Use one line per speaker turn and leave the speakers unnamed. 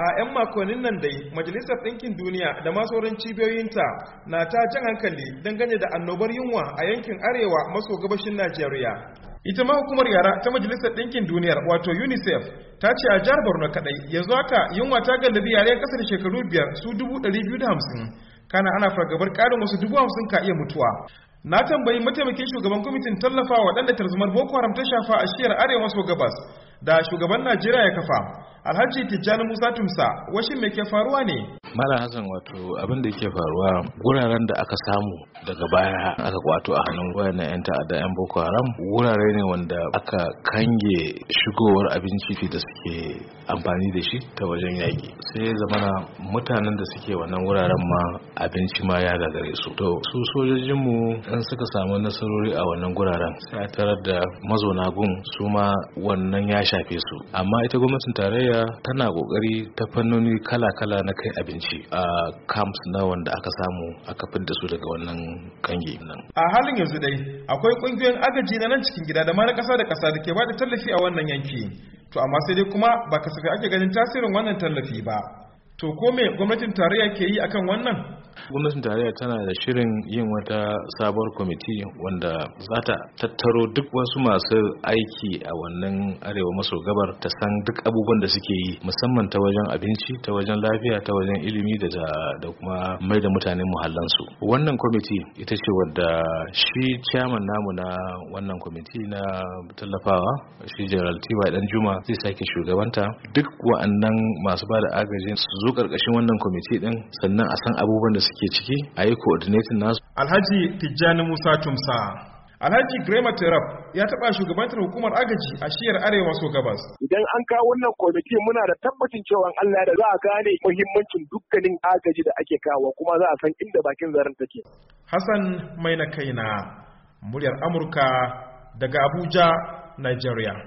a 'yan makonnin nan dai majalisar ɗinkin duniya da sauran cibiyoyinta na ta jan hankali dangane da annobar yunwa a yankin arewa maso gabashin najeriya ita ma hukumar yara ta majalisar ɗinkin duniyar wato unicef ta ce a jihar borno kaɗai yanzu haka yunwa ta gallabi yare ƙasar shekaru biyar su dubu ɗari biyu da hamsin kana ana fargabar ƙarin wasu dubu hamsin ka iya mutuwa na tambayi mataimakin shugaban kwamitin tallafa waɗanda tarzumar boko haram ta shafa a shiyar arewa maso gabas da shugaban najeriya ya kafa Alhaji Tijjani Musa Tumsa, washin me ke faruwa ne?
Mala Hassan wato abin da yake faruwa wuraren da aka samu daga baya aka kwato a hannun wayannan 'yan ta'adda 'yan Boko Haram wurare ne wanda aka kange shigowar abinci da suke amfani da shi ta wajen yaƙi sai zamana mutanen da suke wannan wuraren ma abinci ma ya gagare su to su sojojinmu in suka samu nasarori a wannan guraren sai a tarar da mazauna gun su ma wannan ya shafe su amma ita gwamnatin tarayya tana kokari ta fannoni kala-kala na kai abinci abinci a camps na wanda aka samu aka da su daga wannan
kange nan a halin yanzu dai akwai kungiyoyin agaji na nan cikin gida da ma na kasa da kasa da ke bada tallafi a wannan yanki to amma sai dai kuma ba kasafai ake ganin tasirin wannan tallafi ba to ko me gwamnatin tarayya ke yi akan wannan
gwamnatin tarayya tana da shirin yin wata sabuwar kwamiti wanda za ta tattaro duk wasu masu aiki a wannan arewa maso gabar ta san duk abubuwan da suke yi musamman ta wajen abinci ta wajen lafiya ta wajen ilimi da da kuma mai da mutanen muhallansu wannan kwamiti ita ce wadda shi chairman namu na wannan kwamiti na tallafawa shi general tiwa dan juma zai sake shugabanta duk wa'annan masu ba da agajin su zo karkashin wannan kwamiti din sannan a san abubuwan da suke ciki a yi coordinating nasu
alhaji tijjani musa tumsa Alhaji Grema Terap
ya taɓa shugabantar
hukumar agaji a shiyar Arewa so gabas. Idan an kawo wannan kwamiti muna da tabbacin cewa Allah da za a gane muhimmancin dukkanin agaji da ake kawo kuma za a san inda bakin zaren take. Hassan mai na Kaina, muryar Amurka daga Abuja, Nigeria.